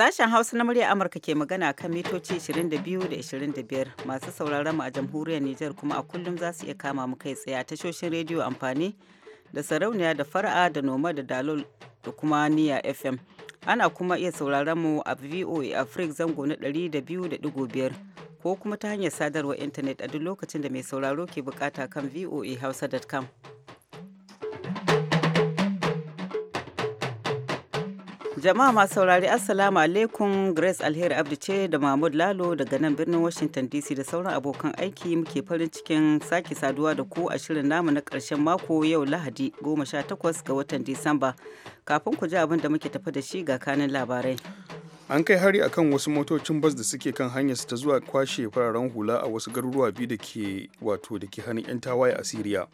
Sashen Hausa na murya Amurka ke magana kan mitoci 22 da 25 masu sauraron mu a jamhuriyar Nijar kuma a kullum za su iya kama mu kai tsaye a tashoshin rediyo amfani da sarauniya da fara'a da noma da dalol da kuma niya FM. Ana kuma iya sauraron mu a VOA Africa zango na 200.5 ko kuma ta hanyar sadarwar intanet a duk lokacin da mai sauraro ke bukata kan voahausa.com. Jama'a masu saurari Assalamu alaikum Grace Alheri Abdi ce da Mahmud Lalo daga nan birnin Washington DC da sauran abokan aiki muke farin cikin sake saduwa da ku a shirin namu na karshen mako yau Lahadi 18 ga watan Disamba. Kafin ku ji abin da muke tafi da shi ga kanin labarai. An kai hari akan wasu motocin bas da suke kan hanyar su ta zuwa kwashe fararen hula a wasu garuruwa biyu da ke wato da ke hannun 'yan tawaye a Siriya.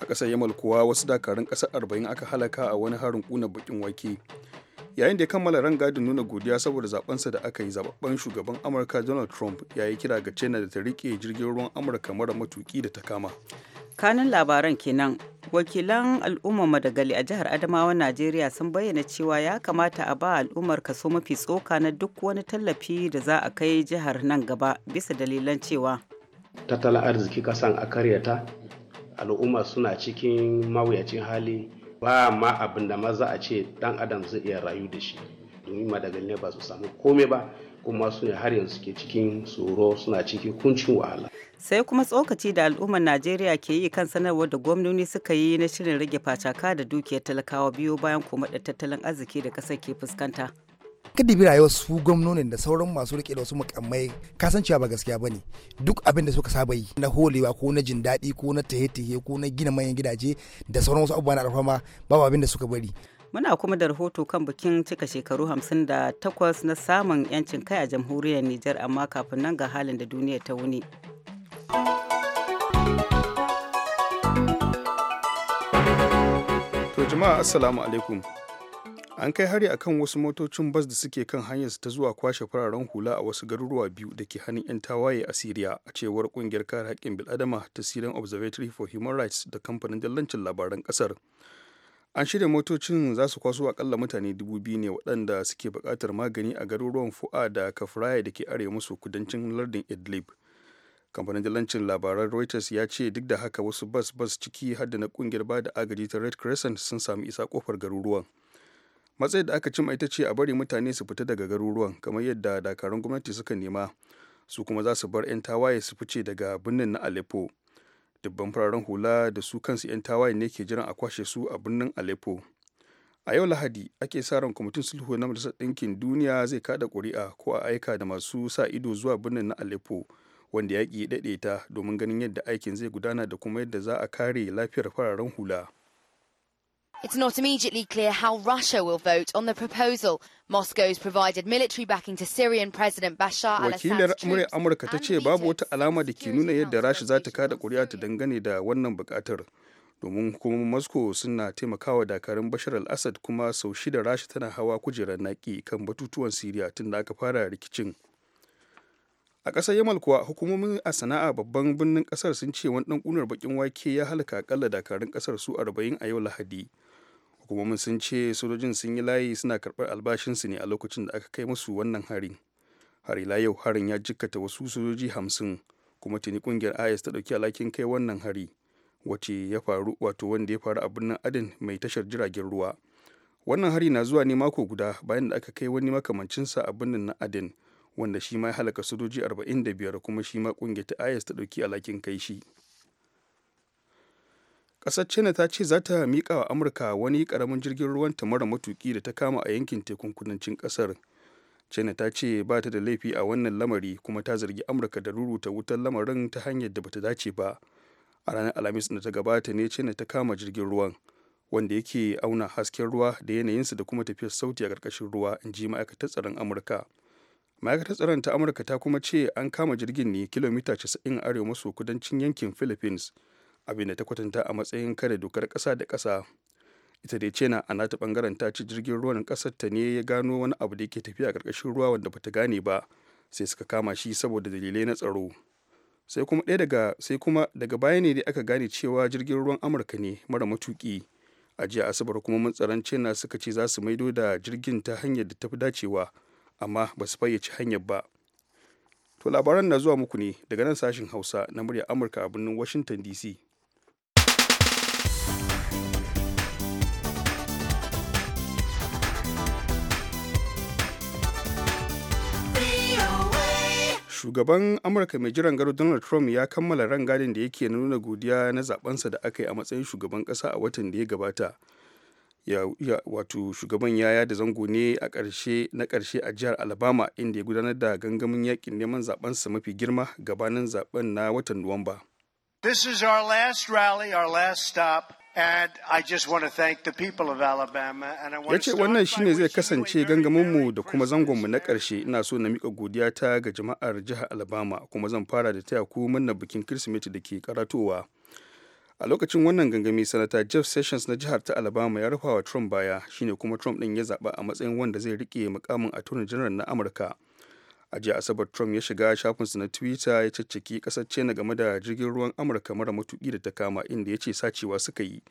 a ƙasar yamal kuwa wasu dakarun ƙasar arba'in aka halaka a wani harin kuna bakin wake yayin da ya kammala rangadin nuna godiya saboda zabensa da aka yi zababben shugaban amurka donald trump ya yi kira ga china da ta rike jirgin ruwan amurka mara matuki da ta kama kanun labaran kenan wakilan al'ummar madagali a jihar adamawa najeriya sun bayyana cewa ya kamata a ba al'ummar kaso mafi tsoka na duk wani tallafi da za a kai jihar nan gaba bisa dalilan cewa tattalin arziki kasan a karyata al'umma suna cikin mawuyacin hali ba ma abin da maza a ce dan adam zai iya rayu da shi domin daga ne ba su samu kome ba kuma su ne har yanzu ke cikin tsoro suna cikin kuncin wahala sai kuma tsokaci da al'ummar najeriya ke yi kan sanarwar da gwamnoni suka yi na shirin rage facaka da dukiyar talakawa biyu bayan kuma da tattalin arziki da kasar ke fuskanta kadibi dibi rayuwar su gwamnonin da sauran masu rike da wasu mukammai kasancewa ba gaskiya ba ne duk abin da suka saba yi na holewa ko na jin daɗi ko na tahe-tahe ko na gina manyan gidaje da sauran wasu abubuwa na alfama babu abin da suka bari muna kuma da rahoto kan bikin cika shekaru 58 na samun 'yancin kai a jamhuriyar Nijar amma kafin nan ga halin da duniya ta wuni. To jama'a assalamu alaikum. an kai hari akan wasu motocin bas da suke kan hanyar su ta zuwa kwashe fararen hula a wasu garuruwa biyu da ke hannun 'yan tawaye a siriya a cewar kungiyar kare haƙƙin bil'adama ta sirin observatory for human rights da kamfanin dallancin labaran ƙasar an shirya motocin za su kwaso akalla mutane dubu biyu ne waɗanda suke buƙatar magani a garuruwan fu'a da kafraya da ke arewa musu kudancin lardin idlib kamfanin jalancin labaran reuters ya ce duk da haka wasu bas bas ciki hadda na kungiyar ba da agaji ta red crescent sun sami isa kofar garuruwan matsayin da aka cima ita ce a bari mutane su fita daga garuruwan kamar yadda dakarun gwamnati suka nema su kuma za su bar 'yan tawaye su fice daga birnin na aleppo dubban fararen hula da su kansu 'yan tawaye ne ke jiran a kwashe su a birnin aleppo a yau lahadi ake sa ran kwamitin sulhu na majalisar ɗinkin duniya zai kada ƙuri'a ko a aika da masu sa ido zuwa birnin na aleppo wanda yaƙi ya daɗe ta domin ganin yadda aikin zai gudana da kuma yadda za a kare lafiyar fararen hula It's not immediately clear how Russia will vote on the proposal. Moscow's provided military backing to Syrian President Bashar al-Assad. Wakilar Amurka ta ce babu wata alama da ke nuna yadda Rasha za ta kada kuri'a ta dangane da wannan bukatar. Domin hukumomin Moscow suna taimakawa dakarun Bashar al-Assad kuma sau shida Rasha tana hawa kujerar naki kan batutuwan Siriya tun da aka fara rikicin. A ƙasar Yamal kuwa hukumomin a sana'a babban birnin ƙasar sun ce wani ɗan ƙunar bakin wake ya halaka akalla dakarun ƙasar su arba'in a yau Lahadi. hukumomin sun ce sojojin sun yi layi suna karɓar albashinsu ne a lokacin da aka kai musu wannan harin har ila yau harin ya jikkata wasu sojoji hamsin kuma tuni kungiyar is ta ɗauki alhakin kai wannan hari wace ya faru wato wanda ya faru a birnin adin mai tashar jiragen ruwa wannan hari na zuwa ne mako guda bayan da aka kai wani makamancinsa a birnin na adin wanda shi ma ya halaka sojoji 45 kuma shi ma kungiyar ta is ta ɗauki alhakin kai shi ƙasar china ta ce za ta miƙa wa amurka wani ƙaramin jirgin ruwanta mara matuki da ta kama a yankin tekun kudancin ƙasar china ta ce ba ta da laifi a wannan lamari kuma ta zargi amurka da ruruta wutar lamarin ta hanyar da bata dace ba a ranar alhamis da ta gabata ne china ta kama jirgin ruwan wanda yake auna hasken ruwa da yanayinsa da kuma tafiyar sauti a ƙarƙashin ruwa in ji ma'aikatar tsaron amurka ma'aikatar tsaron ta amurka ta kuma ce an kama jirgin ne kilomita 90 arewa maso kudancin yankin philippines abinda ta kwatanta a matsayin kare dokar kasa da kasa ita dai china a nata bangaren ta ci jirgin ruwan kasar ta ne ya gano wani abu da yake tafiya a ƙarƙashin ruwa wanda bata gane ba sai suka kama shi saboda dalilai na tsaro sai kuma ɗaya daga sai kuma daga baya ne dai aka gane cewa jirgin ruwan amurka ne mara matuki a jiya asabar kuma mun tsaron china suka ce za su maido da jirgin ta hanyar da ta fi dacewa amma ba su fayyace hanyar ba to labaran na zuwa muku ne daga nan sashin hausa na murya amurka a birnin washington dc shugaban amurka mai jiran gado donald trump ya kammala ran rangadin da yake nuna godiya na zabensa da aka yi a matsayin shugaban kasa a watan da ya gabata wato shugaban ya yada zango ne a ƙarshe na karshe a jihar alabama inda ya gudanar da gangamin yakin neman zabensa mafi girma gabanin zaben na watan nuwamba this is our last rally our last stop ya ce wannan shine zai kasance gangaminmu da kuma zangonmu na ƙarshe ina so na miƙa godiya ta ga jama'ar jihar alabama kuma zan fara da taya ku murnar bikin kirsimeti da ke karatowa a lokacin wannan gangami sanata jeff sessions na jihar ta alabama ya rufa wa trump baya shine kuma trump ɗin ya zaɓa a matsayin wanda zai riƙe mukamin attorney general na amurka a jiya asabar trump ya shiga shafinsa na twitter ya caccaki kasar na game da jirgin ruwan amurka mara matuki da ta kama inda ya ce sacewa suka yi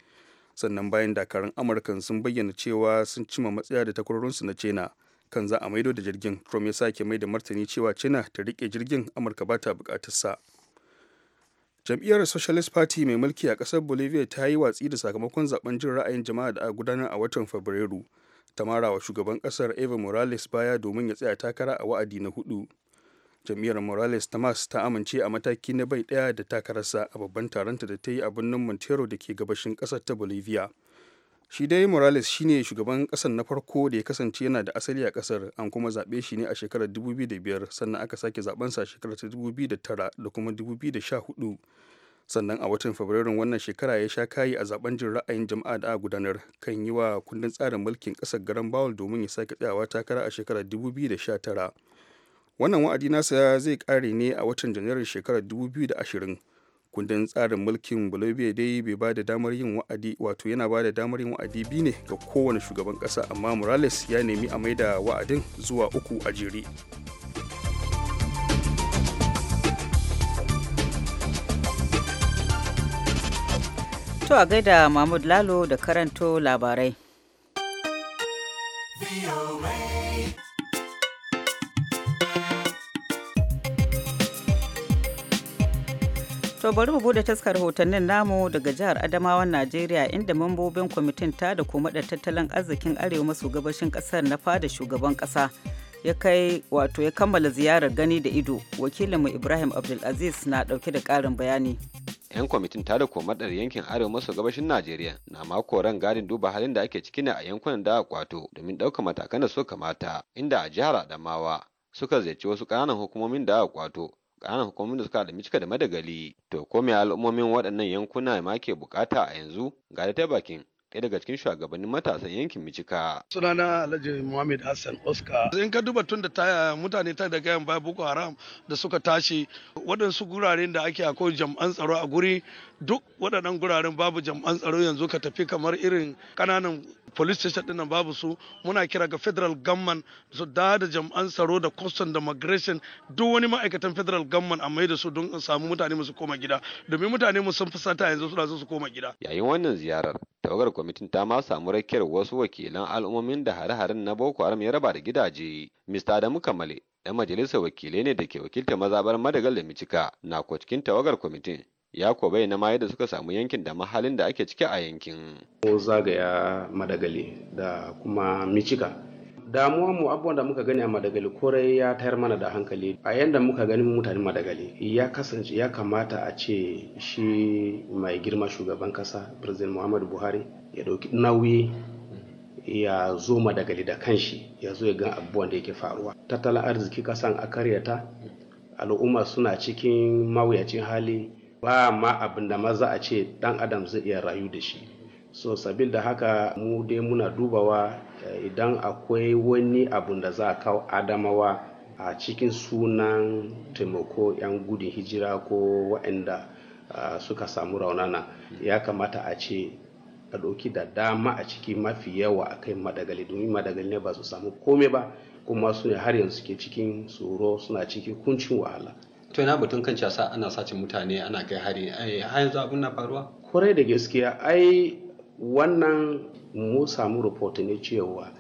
sannan bayan dakarun amurkan sun bayyana cewa sun cima matsaya da takwarorinsu na china kan za a maido da jirgin trump ya sake mai da martani cewa china ta rike jirgin amurka ba ta bukatarsa jam'iyyar socialist party mai mulki a kasar bolivia ta yi watsi da sakamakon zaben jin ra'ayin jama'a da a gudanar a watan fabrairu ta marawa shugaban kasar Evo Morales baya domin ya tsaya takara a wa'adi na hudu. Jam'iyyar Morales ta Tamas ta amince a mataki na bai daya da takararsa a babban taronta da ta yi a birnin Montero da ke gabashin kasar ta Bolivia. shi dai morales shi ne shugaban kasar na farko da ya kasance yana da asali a kasar an kuma zaɓe shi ne a shekarar 2005 sannan aka sake zaben a shekarar 2009 da kuma 2014 sannan a watan fabrairun wannan shekara ya sha kayi a zaben jin ra'ayin jama'a da a gudanar kan yi wa kundin tsarin mulkin ƙasar garan bawul domin ya sake tsayawa takara a shekarar 2019 wannan wa'adi nasa zai kare ne a watan janairun shekarar 2020 kundin tsarin mulkin bolivia dai bai ba da damar yin wa'adi wato yana ba da damar yin wa'adi biyu ne ga kowane shugaban ƙasa amma morales ya nemi a maida wa'adin zuwa uku a jere To a gaida Mahmud Lalo da karanto labarai. To bari mu bude taskar hotannin namu daga jihar Adamawan Najeriya inda mambobin kwamitin ta da kuma da tattalin arzikin arewa maso gabashin kasar na fada shugaban kasa ya kai wato ya kammala ziyarar gani da ido wakilinmu Ibrahim Abdulaziz na dauke da karin bayani. 'yan kwamitin tada komadar yankin arewa maso gabashin najeriya na mako ran gadin duba halin da ake ciki ne a yankunan da kwato domin ɗaukar matakan da suka mata inda a jihar adamawa suka ziyarci wasu ƙananan hukumomin da kwato ƙananan hukumomin da suka da cika da madagali to ko me al'ummomin waɗannan yankuna ma ke bukata a yanzu ga da ta bakin ɗaya daga cikin shugabannin matasan yankin Mijika. Sunana Alhaji Muhammad Hassan Oscar. In ka duba tun da mutane ta da yan baya Boko Haram da suka tashi waɗansu guraren da ake akwai jam'an tsaro a guri duk waɗannan guraren babu jam'an tsaro yanzu ka tafi kamar irin ƙananan police station ɗin nan babu su muna kira ga federal gamman su da da jam'an tsaro da custom da migration duk wani ma'aikatan federal gamman a mai da su don samu mutane su koma gida domin mutane mu sun fusata yanzu suna su koma gida. Yayin wannan ziyarar tawagar kwamitin ta ma samu rakiyar wasu wakilan al'ummomin da hare-haren na Boko Haram ya raba da gidaje. Mr. Adamu Kamale, ɗan majalisar wakilai ne da ke wakiltar mazabar Madagal da Micika na ko tawagar kwamitin. Ya ko bai na ma da suka samu yankin da mahalin da ake ciki a yankin. Ko zagaya Madagali da kuma Micika damuwa mu abubuwan da muka gani a madagali korai ya tayar mana da hankali a yadda muka gani mutane madagali ya kasance ya kamata a ce shi mai girma shugaban kasa president muhammadu buhari ya dauki nauyi ya zo madagali da kanshi ya zo ya gan abubuwan da yake faruwa tattalin arziki kasan a karyata al'umma suna cikin mawuyacin hali ba ma abin da maza a ce dan adam zai iya rayu da shi so sabil da haka mu dai muna dubawa idan akwai wani abun da za a kawo adamawa a cikin sunan taimako 'yan gudun hijira ko waɗanda suka samu raunana ya kamata a ce a ɗauki da dama a ciki mafi yawa a kai madagali domin madagali ne ba su samu kome ba kuma su ne har yanzu suke cikin tsoro suna cikin kuncin wahala to yana batun kan casa ana sace mutane ana kai hari ai har yanzu abin na faruwa kwarai da gaskiya ai wannan Mun samu report ne cewa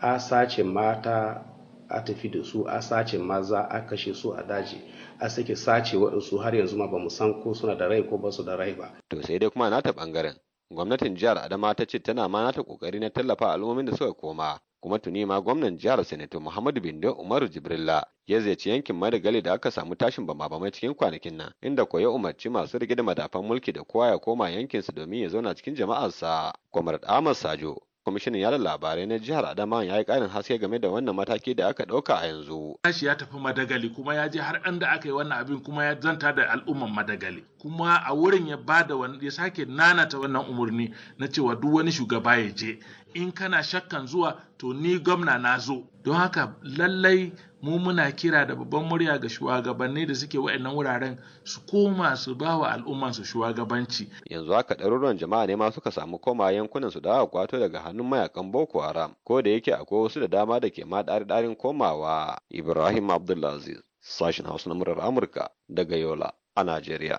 a sace mata a tafi da su a sace maza a kashe su a daji a sake sace waɗansu har yanzu ma ba mu san ko suna da rai ko basu da rai ba. To sai dai kuma nata ɓangaren. Gwamnatin jihar Adama ta ce tana ma nata ƙoƙari na tallafa al'ummomin da suka koma kuma tuni ma gwamnan jihar sanato muhammadu bindo umaru jibrilla ya ziyarci yankin madagali da aka samu tashin bama cikin kwanakin nan inda ko umarci masu rike da madafan mulki da kowa ya koma yankinsa domin ya zauna cikin jama'arsa kwamar ahmad sajo kwamishinan yada labarai na jihar adama ya yi karin haske game da wannan mataki da aka ɗauka a yanzu. Nashi ya tafi madagali kuma ya je har da aka yi wannan abin kuma ya zanta da al'umman madagali. kuma a wurin ya bada ya sake nanata wannan umarni na cewa duk wani shugaba ya je in kana shakkan zuwa to ni gwamna na zo don haka lallai mu muna kira da babban murya ga shugabanni da suke wa'annan wuraren su koma su ba wa al'umman su shugabanci yanzu haka ɗaruruwan jama'a ne ma suka samu koma yankunan su dawa kwato daga hannun mayakan boko haram ko da yake akwai wasu da dama da ke ma ɗari-ɗarin komawa ibrahim abdulaziz sashin hausa na murar amurka daga yola a Najeriya.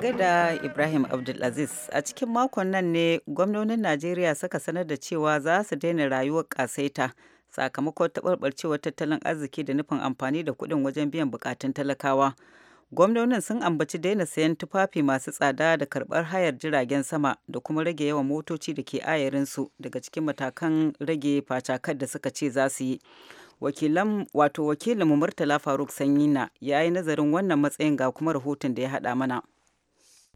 gaida Ibrahim Abdulaziz a cikin makon nan ne gwamnonin Najeriya suka sanar da cewa za su daina rayuwar kasaita sakamakon taɓarɓarcewar tattalin arziki da nufin amfani da kuɗin wajen biyan bukatun talakawa. gwamnonin sun ambaci daina sayan tufafi masu tsada da karbar hayar jiragen sama da kuma rage yawan motoci da ke ayarinsu daga cikin matakan rage facakar da suka ce za su yi wakilan wato wakilinmu murtala faruk sanyina ya yi nazarin wannan matsayin ga kuma rahoton da ya haɗa mana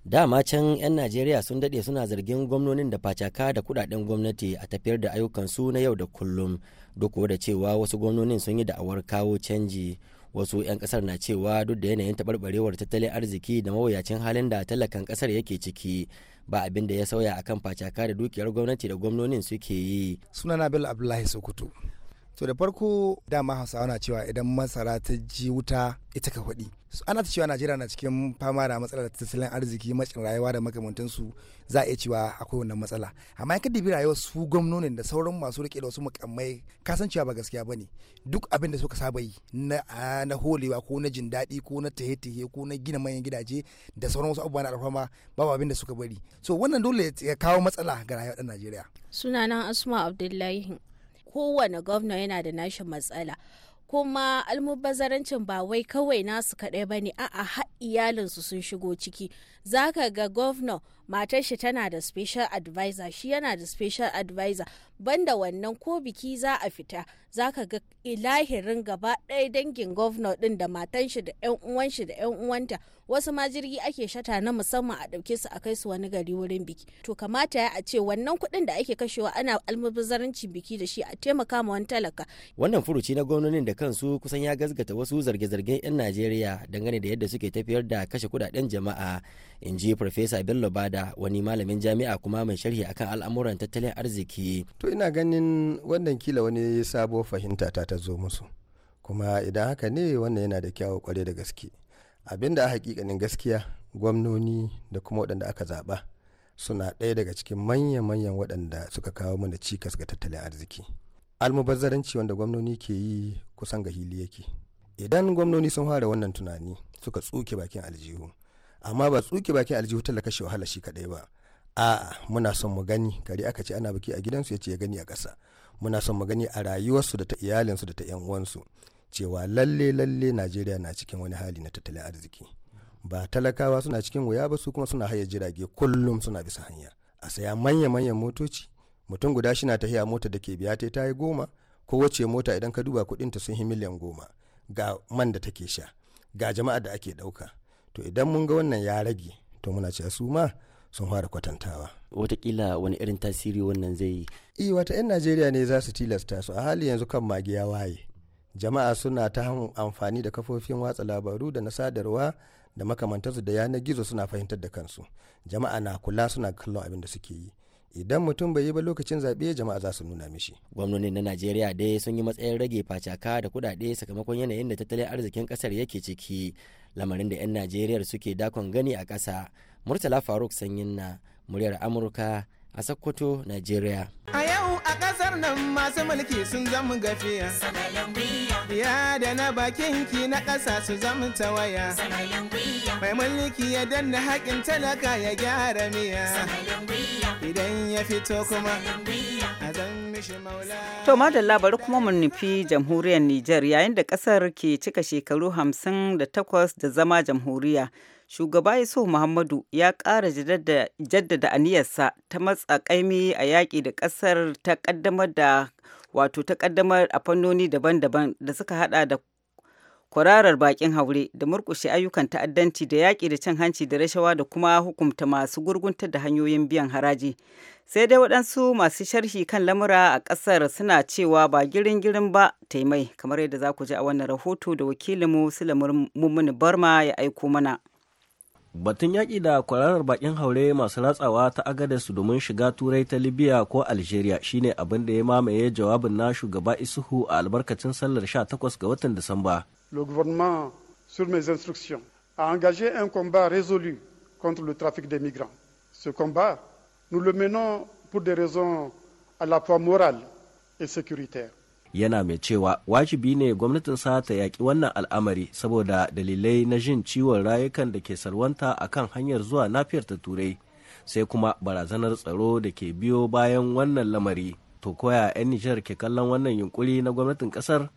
dama can 'yan najeriya sun dade suna zargin gwamnonin da facaka da kudaden gwamnati a tafiyar da ayyukan su na yau da kullum duk da cewa wasu gwamnonin sun yi da'awar kawo canji wasu 'yan kasar na cewa duk da yanayin taɓarɓarewar tattalin arziki da mawuyacin halin da talakan kasar yake ciki ba abin da ya sauya akan facaka da dukiyar gwamnati da gwamnonin suke yi sunana bello abdullahi sokoto to da farko dama hausawa na cewa idan masara ta ji wuta ita ka faɗi ana ta cewa najeriya na cikin fama da matsalar tattalin arziki macin rayuwa da makamantansu za a iya cewa akwai wannan matsala amma ya kaddabi rayuwar su gwamnonin da sauran masu rike da wasu mukammai cewa ba gaskiya ba ne duk abin da suka saba yi na holewa ko na jin daɗi ko na tahe-tahe ko na gina manyan gidaje da sauran wasu abubuwa na alfama babu abin da suka bari so wannan dole ya kawo matsala ga rayuwar ɗan najeriya sunana asma abdullahi kowane gwamna yana da nashi matsala kuma almubazzarancin ba wai kawai nasu kaɗai ba ne a'a har iyalinsu sun shigo ciki za ka ga gwamna matar shi tana da special advisor shi yana da special advisor banda wannan ko biki za a fita za ka ga ilahirin gaba ɗaya dangin gwamna ɗin da matan shi da 'yan uwan shi da 'yan uwanta wasu ma jirgi ake shata na musamman a ɗauke su a kai su wani gari wurin biki to kamata ya a ce wannan kuɗin da ake kashewa ana almubazarancin biki da shi a taimaka ma wani talaka wannan furuci na gwamnonin da kansu kusan ya gazgata wasu zarge-zargen 'yan najeriya dangane da yadda suke tafiyar da kashe kuɗaɗen jama'a in ji farfesa bello bada wani malamin jami'a kuma mai sharhi akan al'amuran tattalin arziki to ina ganin wannan kila wani sabuwar fahimta ta ta zo musu kuma idan haka ne wannan yana da kyawu kware da gaske abin da a hakikanin gaskiya gwamnoni da kuma waɗanda aka zaɓa suna ɗaya daga cikin manya-manyan waɗanda suka kawo mana cikas ga tattalin arziki almubazzaranci wanda gwamnoni ke yi kusan ga hili yake idan gwamnoni sun fara wannan tunani suka tsuke bakin aljihu amma ba tsuke bakin aljihu talaka shi wahala shi kaɗai ba a'a muna son mu gani kare aka ce ana biki a gidansu ya ce ya gani a ƙasa muna son mu gani a rayuwarsu da ta iyalinsu da ta 'yan uwansu cewa lalle lalle najeriya na cikin wani hali na tattalin arziki ba talakawa suna cikin wuya ba su kuma suna haya jirage kullum suna bisa hanya a saya manya manyan motoci mutum guda shi na tahiya mota da ke biya ta yi goma ko wace mota idan ka duba kuɗin ta sun yi miliyan goma ga man da take sha ga jama'a da ake dauka to idan mun ga wannan ya rage to muna cewa su ma sun fara kwatantawa watakila wani irin tasiri wannan zai yi eh, wata 'yan najeriya ne za su tilasta su a hali yanzu kan magiya waye jama'a suna ta amfani da kafofin watsa labaru da na sadarwa da makamantarsu da yanar gizo suna fahimtar da kansu jama'a na kula suna kallon abin da suke yi idan mutum bai yi ba lokacin zaɓe jama'a za su nuna mishi. gwamnonin na najeriya dai sun yi matsayin rage facaka da kuɗaɗe sakamakon yanayin da tattalin arzikin ƙasar yake ciki lamarin da 'yan najeriya suke dakon gani a ƙasa murtala faruk sanyin na muryar amurka a sokoto najeriya a nan masu mulki sun zama gafiya ya da na bakin ki na ƙasa su zama tawaya mai mulki ya danna haƙin talaka ya gyara miya idan ya fito kuma a mishi maula to madalla bari kuma mu nufi jamhuriyar nijar yayin da ƙasar ke cika shekaru hamsin da takwas da zama jamhuriya shugaba yusuf muhammadu ya ƙara jaddada aniyarsa ta matsa a yaƙi da ƙasar ta ƙaddamar da wato ta ƙaddamar a fannoni daban-daban da suka hada da kwararar bakin haure da murkushe ayyukan ta'addanci da yaƙi da cin hanci da rashawa da kuma hukumta masu gurguntar da hanyoyin biyan haraji sai dai waɗansu masu sharhi kan lamura a ƙasar suna cewa ba girin girin ba ta mai kamar yadda za ku ji a wannan rahoto da wakilinmu mummuni barma ya aiko mana. Le gouvernement, sur mes instructions, a engagé un combat résolu contre le trafic des migrants. Ce combat, nous le menons pour des raisons à la fois morales et sécuritaires. yana mai cewa wajibi ne gwamnatinsa ta yaƙi wannan al'amari saboda dalilai na jin ciwon rayukan da ke salwanta a kan hanyar zuwa nafiyar ta turai sai kuma barazanar tsaro da ke biyo bayan wannan lamari to koya 'yan nijar ke kallon wannan yunkuri na gwamnatin ƙasar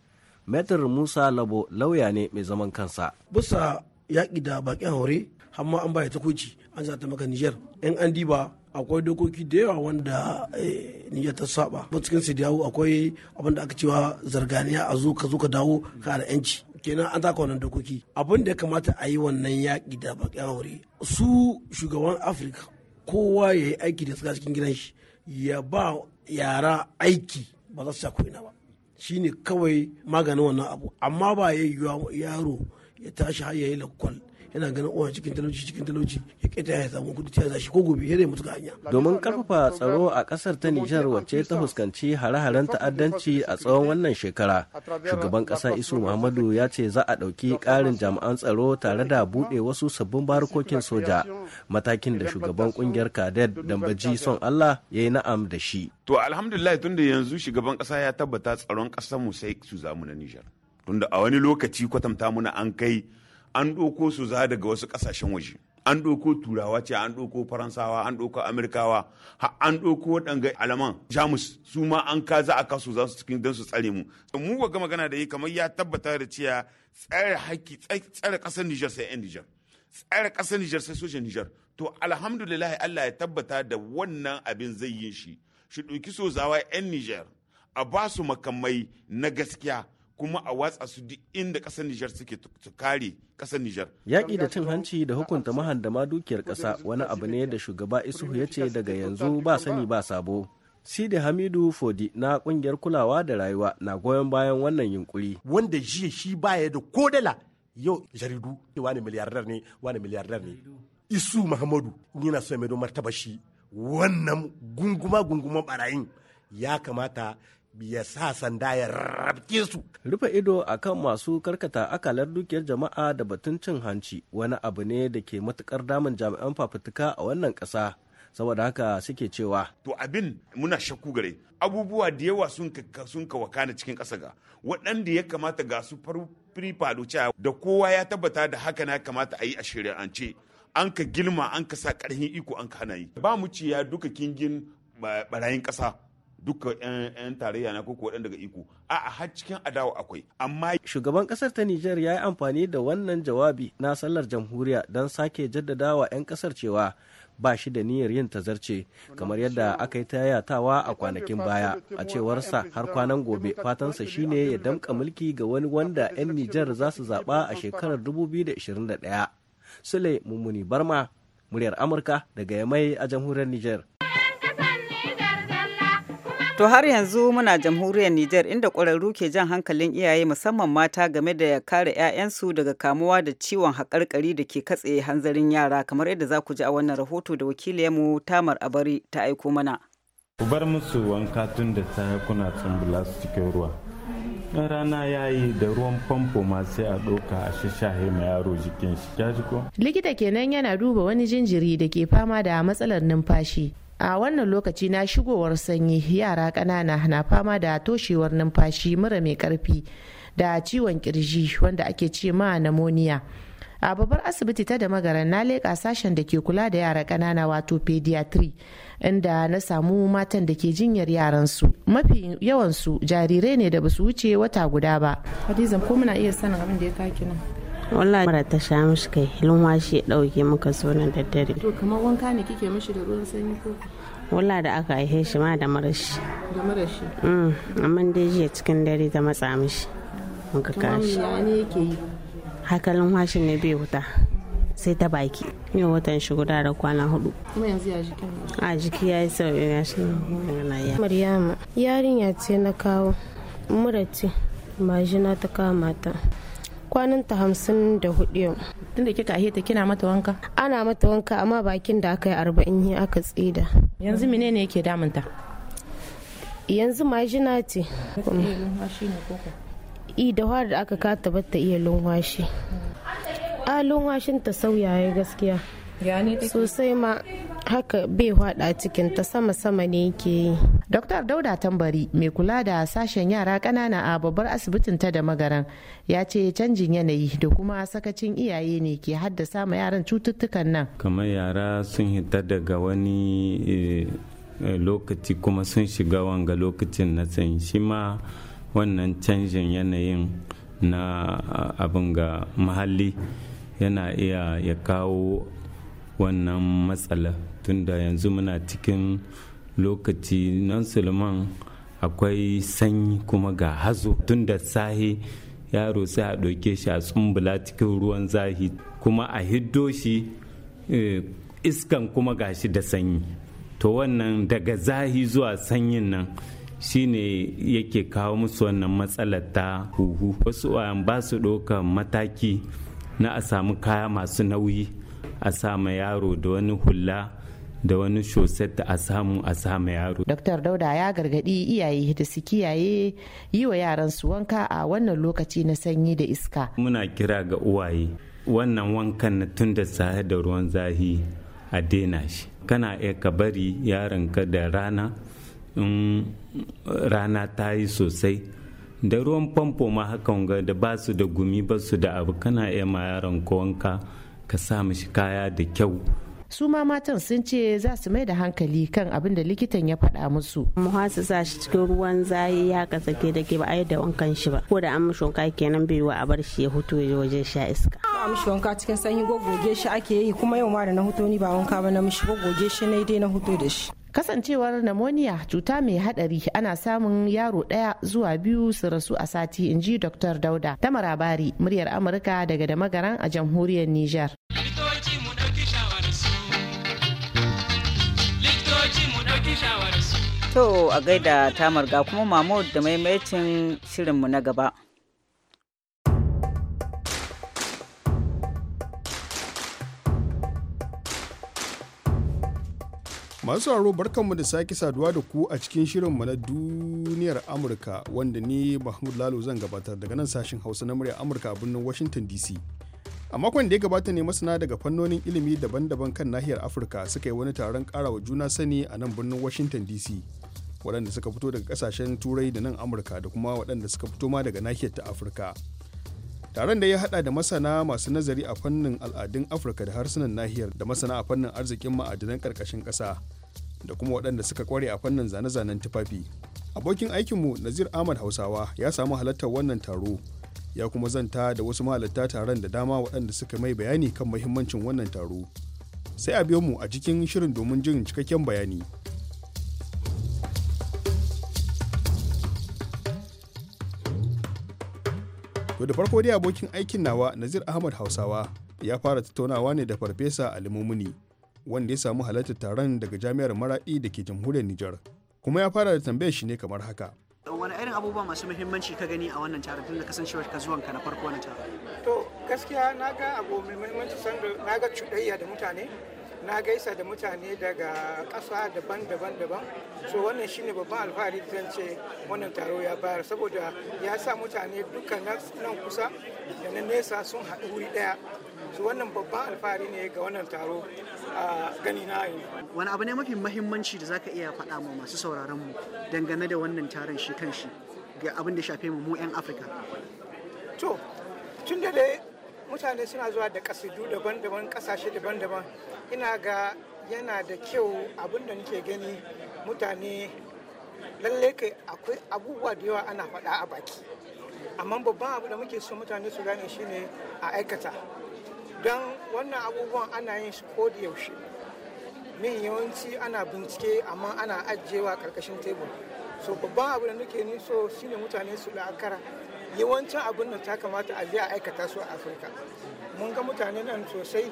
metar musa labo lauya ne mai zaman kansa bisa yaƙi da baƙin haure amma an baya ta kuci an zata maka nijar yan an diba akwai dokoki da yawa wanda eh, niyyar ta saba ba cikin su dawo akwai abin da aka cewa zarganiya a zo ka zo ka dawo ka da yanci kenan an taka wannan dokoki abin da ya kamata a yi wannan yaƙi da baƙin aure su shugaban afirka kowa ya yi aiki da suka cikin gidan shi ya ba yara aiki ba za su sha ina ba shine kawai maganin wannan abu amma ba ya yi yaro ya tashi har ya yi lakwal yana ganin uwa cikin talauci cikin talauci ya keta ya samu kudi ta zashi ko gobe zai mutu ga hanya domin karfafa tsaro a kasar ta Nijar wacce ta fuskanci hare-haren ta'addanci a tsawon wannan shekara shugaban kasa Isu Muhammadu ya ce za a dauki karin jami'an tsaro tare da bude wasu sabbin barkokin soja matakin da shugaban kungiyar Kadet Dambaji son Allah yayi na'am da shi to alhamdulillah tunda yanzu shugaban kasa ya tabbata tsaron kasar mu sai su zamu na Nijar tunda a wani lokaci kwatanta muna an kai an ɗauko su za daga wasu kasashen waje an ɗauko turawa ce an ɗauko faransawa an ɗauko amerikawa an ɗauko waɗanga alaman jamus su ma an ka za a kasu za su cikin don su tsare mu mu ga magana da yi kamar ya tabbata da cewa tsare haƙƙi tsare ƙasar nijar sai 'yan nijar tsare ƙasar nijar sai sojan nijar to alhamdulillah allah ya tabbata da wannan abin zai yin shi shi ɗauki sozawa 'yan nijar a ba su makamai na gaskiya kuma a watsa su duk inda kasar Nijar suke su kare kasar Nijar. Yaƙi da cin hanci da hukunta mahandama dukiyar ƙasa wani abu ne da shugaba Isuhu ya ce daga yanzu ba sani ba sabo. Sidi Hamidu Fodi na ƙungiyar kulawa da rayuwa na goyon bayan wannan yunkuri. Wanda jiya shi baya da ko dala yau jaridu wani miliyardar ne wani miliyardar ne. Isu Muhammadu yana so ya maido martaba shi wannan gunguma gunguma barayin ya kamata ya sa sanda ya rabke su. Rufe ido a kan masu karkata akalar dukiyar jama'a da batun cin hanci wani abu ne da ke matukar damun jami'an fafutuka a wannan ƙasa. saboda haka suke cewa to abin muna shakku gare abubuwa da yawa sun ka sun wakana cikin ƙasa ga waɗanda ya kamata ga su faru firifado da kowa ya tabbata da haka na kamata a yi a shari'ance an ka gilma an ka sa ƙarfin iko an ka hana yi ba mu ciya duka kingin barayin ƙasa duka 'yan tarayya na koko waɗanda daga iko a har cikin adawa akwai amma shugaban kasar ta Nijar ya yi amfani da wannan jawabi na sallar jamhuriya don sake jaddadawa 'yan kasar cewa ba shi da niyyar yin tazarce kamar yadda aka yi tayatawa a kwanakin baya a cewarsa har kwanan gobe fatansa shine ya damka mulki ga wani wanda 'yan Nijar za su zaɓa a shekarar 2021 Sule Mummuni Barma muryar Amurka daga Yamai a jamhuriyar Nijar To har yanzu muna jamhuriyar Nijar inda ƙwararru ke jan hankalin iyaye musamman mata game da kare 'ya'yansu daga kamuwa da ciwon haƙarƙari da ke katse hanzarin yara kamar yadda za ku ji a wannan rahoto da wakiliyarmu Tamar Abari ta aiko mana. Ku bar musu wanka tun da safe kuna tsumbula su cikin ruwa. In rana ya yi da ruwan famfo ma sai a ɗauka a shashahe yaro jikin shi ya Likita kenan yana duba wani jinjiri da ke fama da matsalar numfashi a wannan lokaci na shigowar sanyi yara ƙanana na fama da toshewar numfashi mura mai karfi da ciwon kirji wanda ake ce ma namoniya a babbar asibiti ta da magaran na leƙa sashen da ke kula da yara ƙanana wato pediatry inda na samu matan da ke jinyar yaransu mafi yawansu jarirai ne da basu wuce wata guda ba hadiza ko muna iya sanin abin da ya kaki nan wallahi mara ta sha mishi kai shi ya dauke muka so nan dare to kamar wanka ne kike mishi da ruwan sanyi ko walla da aka haife shi ma da marashi da marashi mm, amma dai jiya cikin dare ta matsa mishi muka kashi Kamar ne yake yi hakalin washin ne bai wuta sai ta baki ne watan shi guda da kwana hudu kuma yanzu ya jiki a jiki ya yi sauyi ya shi ya maryama yarinya ce na kawo mura ce majina ta kawo mata kwanan ta hamsin da hudu yau tun da kika ta, kina mata wanka ana mata wanka amma bakin da aka yi arba'in ya aka tsida yanzu menene yake damunta yanzu majina ce i da da aka kata bata iya lunwashi a lunwashin ta sauya ya gaskiya sosai ma haka bai hada cikin ta sama-sama ne yake yi. Dr. Dauda Tambari mai kula da sashen yara ƙanana a babbar asibitin ta da magaran ya ce canjin yanayi da kuma sakacin iyaye ne ke haddasa ma yaran cututtukan nan. Kamar yara sun hita daga wani eh, lokaci kuma sun shiga wanga lokacin na san shi ma wannan canjin yanayin na abin ga muhalli yana iya ya kawo wannan matsala tunda yanzu muna cikin lokaci nan sulman akwai sanyi kuma ga hazo tun da sahi yaro sai a ɗauke shi a tsumbula cikin ruwan zahi kuma a hiddo shi eh, iskan kuma ga shi da sanyi to wannan daga zahi zuwa sanyin nan shine yake kawo musu wannan matsalar ta huhu wasu ba su ɗaukan mataki na a samu kaya masu nauyi a sama yaro da wani hula da wani shoset da a samu a samu yaro. Dr. Dauda ya gargadi iyaye da su kiyaye yi wa yaran su wanka a wannan lokaci na sanyi da iska. Muna kira ga uwaye wannan wankan na tun da sahi da ruwan zahi a daina shi. Kana iya ka bari ka da rana in rana ta yi sosai da ruwan famfo ma hakan ga da ba su da gumi ba su da abu kana iya ma yaron ka wanka ka sa mishi kaya da kyau su ma matan sun ce za su mai da hankali kan abin da likitan ya faɗa musu muhasu sa shi cikin ruwan zayi ya ka sake da ke ba a yadda wankan shi ba ko da an mishi wanka kenan bai wa a bar shi ya hutu ya waje sha iska ba mishi wanka cikin sanyi goge shi ake yi kuma yau ma da na huto ni ba wanka ba na mishi goge shi na dai na huto da shi kasancewar pneumonia cuta mai hadari ana samun yaro daya zuwa biyu su rasu a sati in ji dr dauda ta marabari muryar amurka daga da magaran a jamhuriyar niger To a gaida ta marga kuma Mahmud da maimaitin shirinmu na gaba. Masu sauraro barkanmu da sake saduwa da ku a cikin shirinmu na duniyar Amurka wanda ni Mahmud Lalo zan gabatar daga nan sashen Hausa na murya Amurka a birnin Washington DC. a makon da ya gabata ne masana daga fannonin ilimi daban-daban kan nahiyar afirka suka yi wani taron karawa juna sani a nan birnin washington dc waɗanda suka fito daga kasashen turai da nan amurka da kuma waɗanda suka fito ma daga nahiyar ta afirka taron da ya hada da masana masu nazari a fannin al'adun afirka da harsunan nahiyar da masana a fannin arzikin ma'adinan ƙarƙashin ƙasa da kuma waɗanda suka kware a fannin zane-zanen tufafi abokin aikinmu nazir ahmad hausawa ya samu halartar wannan taro ya kuma zanta da wasu mahalarta taron da dama waɗanda suka mai bayani kan mahimmancin wannan taro sai a biyo mu a cikin shirin domin jin cikakken bayani to da farko dai abokin aikin nawa nazir ahmad hausawa ya fara tattaunawa ne da farfesa alimumuni wanda ya samu halartar taron daga jami'ar maradi da ke jamhuriyar nijar kuma ya fara da tambayar shi ne kamar haka wani irin abubuwa masu muhimmanci ka gani a wannan taron tun da kasancewar ka zuwan ka na farko wannan taron to gaskiya na ga abu mai muhimmanci da na ga cuɗayya da mutane na gaisa da mutane daga ƙasa daban-daban daban so wannan shine babban alfahari zan ce wannan taro ya bayar saboda ya sa mutane dukkan nan kusa da na nesa sun haɗu wuri ɗaya su wannan babban alfahari ne ga wannan taro a gani na yi wani abu ne mafi mahimmanci da zaka iya faɗa ma masu sauraron mu dangane da wannan taron shi kan shi ga abin da shafe mu mu 'yan afirka to tun da dai mutane suna zuwa da kasidu daban-daban kasashe daban-daban ina ga yana da kyau abin da nake gani mutane lalle kai akwai abubuwa da yawa ana faɗa a baki amma babban abu da muke so mutane su gane shine a aikata don wannan abubuwan ana yin shi ko da yaushe min yawanci ana bincike amma ana ajiyewa karkashin tebur so babban abu da nake ni so shine mutane su la'akara yawancin abin da ta kamata a je a aikata su a afirka mun ga mutane nan sosai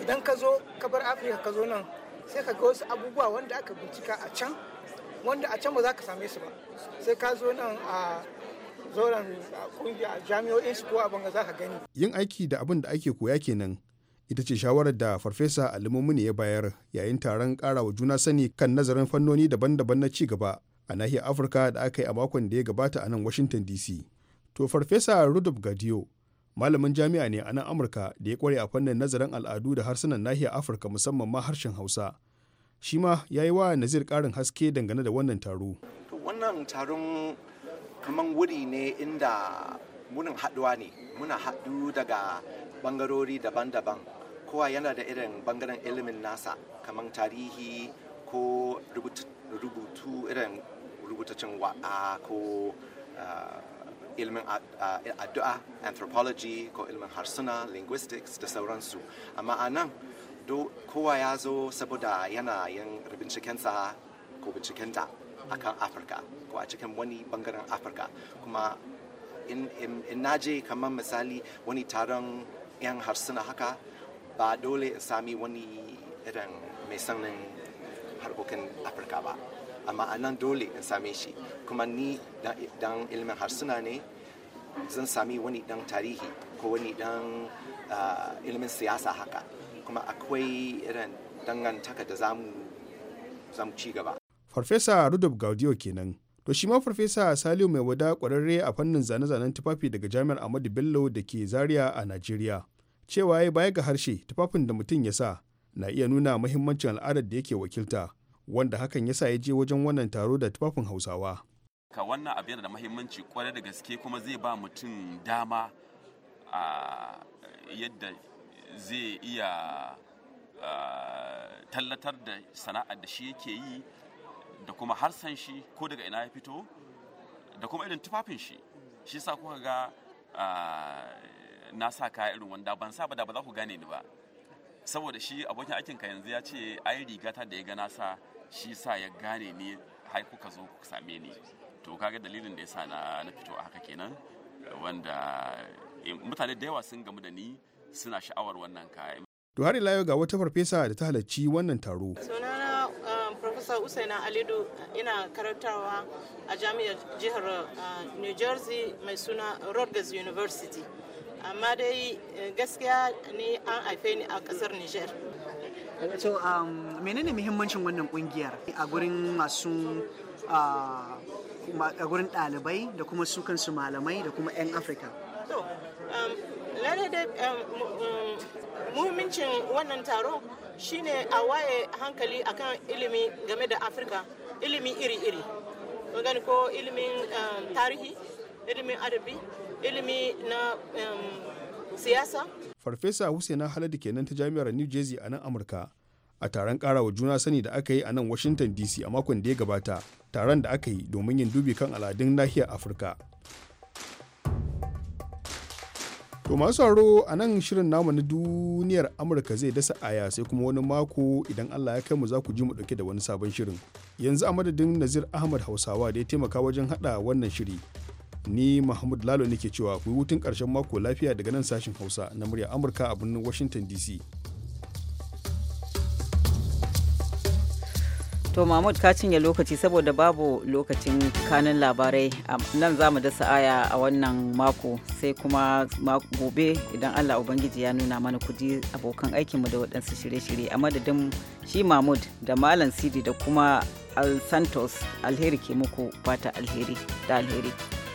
idan ka zo ka afirka ka zo nan sai ka ga wasu abubuwa wanda aka bincika a can wanda a can ba za ka same su ba sai ka zo nan a zauren kungiya jami'o'in su ko abin da za ka gani. Yin aiki da abin da ake koya kenan ita ce shawarar da farfesa alimomini ya bayar yayin taron karawa juna sani kan nazarin fannoni daban-daban na ci gaba a nahiyar afirka da aka yi a makon da ya gabata a nan washington dc to farfesa rudolf gadiyo malamin jami'a ne a nan amurka da ya kware a fannin nazarin al'adu da harsunan nahiyar afirka musamman ma harshen hausa shi ma ya yi wa nazir ƙarin haske dangane da wannan taro wannan taron kaman wuri ne inda munin haɗuwa ne muna haɗu daga bangarori daban-daban kowa yana da irin bangaren ilimin nasa kaman tarihi ko rubutu irin rubutacin wa'a ko ah, ilimin addu'a anthropology ko ilimin harsuna linguistics da sauransu amma a nan kowa ya zo saboda yana yin bincikensa ko bincikenta akan afirka ko a cikin wani bangaren afirka kuma in na je kamar misali wani taron 'yan harsuna haka ba dole in sami wani irin mai sanin harkokin afirka ba amma a nan dole in same shi kuma ni dan ilimin harsuna ne zan sami wani dan tarihi ko wani dan ilimin siyasa haka kuma akwai irin dangantaka da zamu zamu ci gaba farfesa rudolf gaudio kenan to shi ma farfesa saliu mai wada kwararre a fannin zane-zanen tufafi daga jami'ar ahmadu bello da ke zaria a najeriya cewa ya baya ga harshe tufafin da mutum ya sa na iya nuna mahimmancin al'adar da yake wakilta wanda hakan ya sa ya je wajen wannan taro da tufafin hausawa ka wannan abu yana da mahimmanci kwarai da gaske kuma zai ba mutum dama a yadda zai iya tallatar da sana'ar da shi yake yi da kuma harsan shi ko daga ina ya fito da kuma irin tufafin shi shi sa kuka ga ah, na sa kaya irin wanda ban sa ba da ba za ku gane ni ba saboda shi abokin aikin ka yanzu ya ce ai ta da ya gana nasa shi sa ya gane ni har kuka zo ku same ni to kaga dalilin da ya sa na fito a haka kenan wanda eh, mutane da yawa sun gamu da ni suna sha'awar wannan kaya to har ila ga wata farfesa da ta halarci wannan taro sunansa usaina alidu ina karantarwa a jami'ar jihar uh, new jersey mai suna rutgers university amma dai eh, gaskiya ni an haife ni a kasar niger so um, menene muhimmancin wannan kungiyar a gurin masu uh, a gurin ɗalibai da kuma su kansu malamai da kuma 'yan Afrika? so, um, muhimmancin wannan taro shine a waye hankali akan ilimi game da afirka ilimi iri-iri gani ko ilimin um, tarihi ilimin adabi ilimi na um, siyasa farfesa husaina haladu kenan ta jami'ar new jersey a nan amurka a taron karawa juna sani da aka yi a nan washington dc a makon da ya gabata taron da aka yi domin yin dubi kan al'adun nahiyar afirka To masu sauraro a nan shirin namu na duniyar Amurka zai dasa aya sai kuma wani mako idan Allah ya kai mu za ku ji mu dauke da wani sabon shirin. Yanzu a madadin Nazir Ahmad Hausawa da ya taimaka wajen hada wannan shiri. Ni Mahmud Lalo nake cewa ku yi hutun ƙarshen mako lafiya daga nan sashin Hausa na murya Amurka a birnin Washington DC. To Mahmud ka cinye lokaci saboda babu lokacin kanin labarai nan za mu dasa aya a wannan mako sai kuma gobe idan Allah Ubangiji ya nuna mana kudi abokan aikinmu da waɗansu shirye-shirye a madadin shi Mahmud da Malam Sidi da kuma Al Santos alheri ke muku fata alheri da alheri.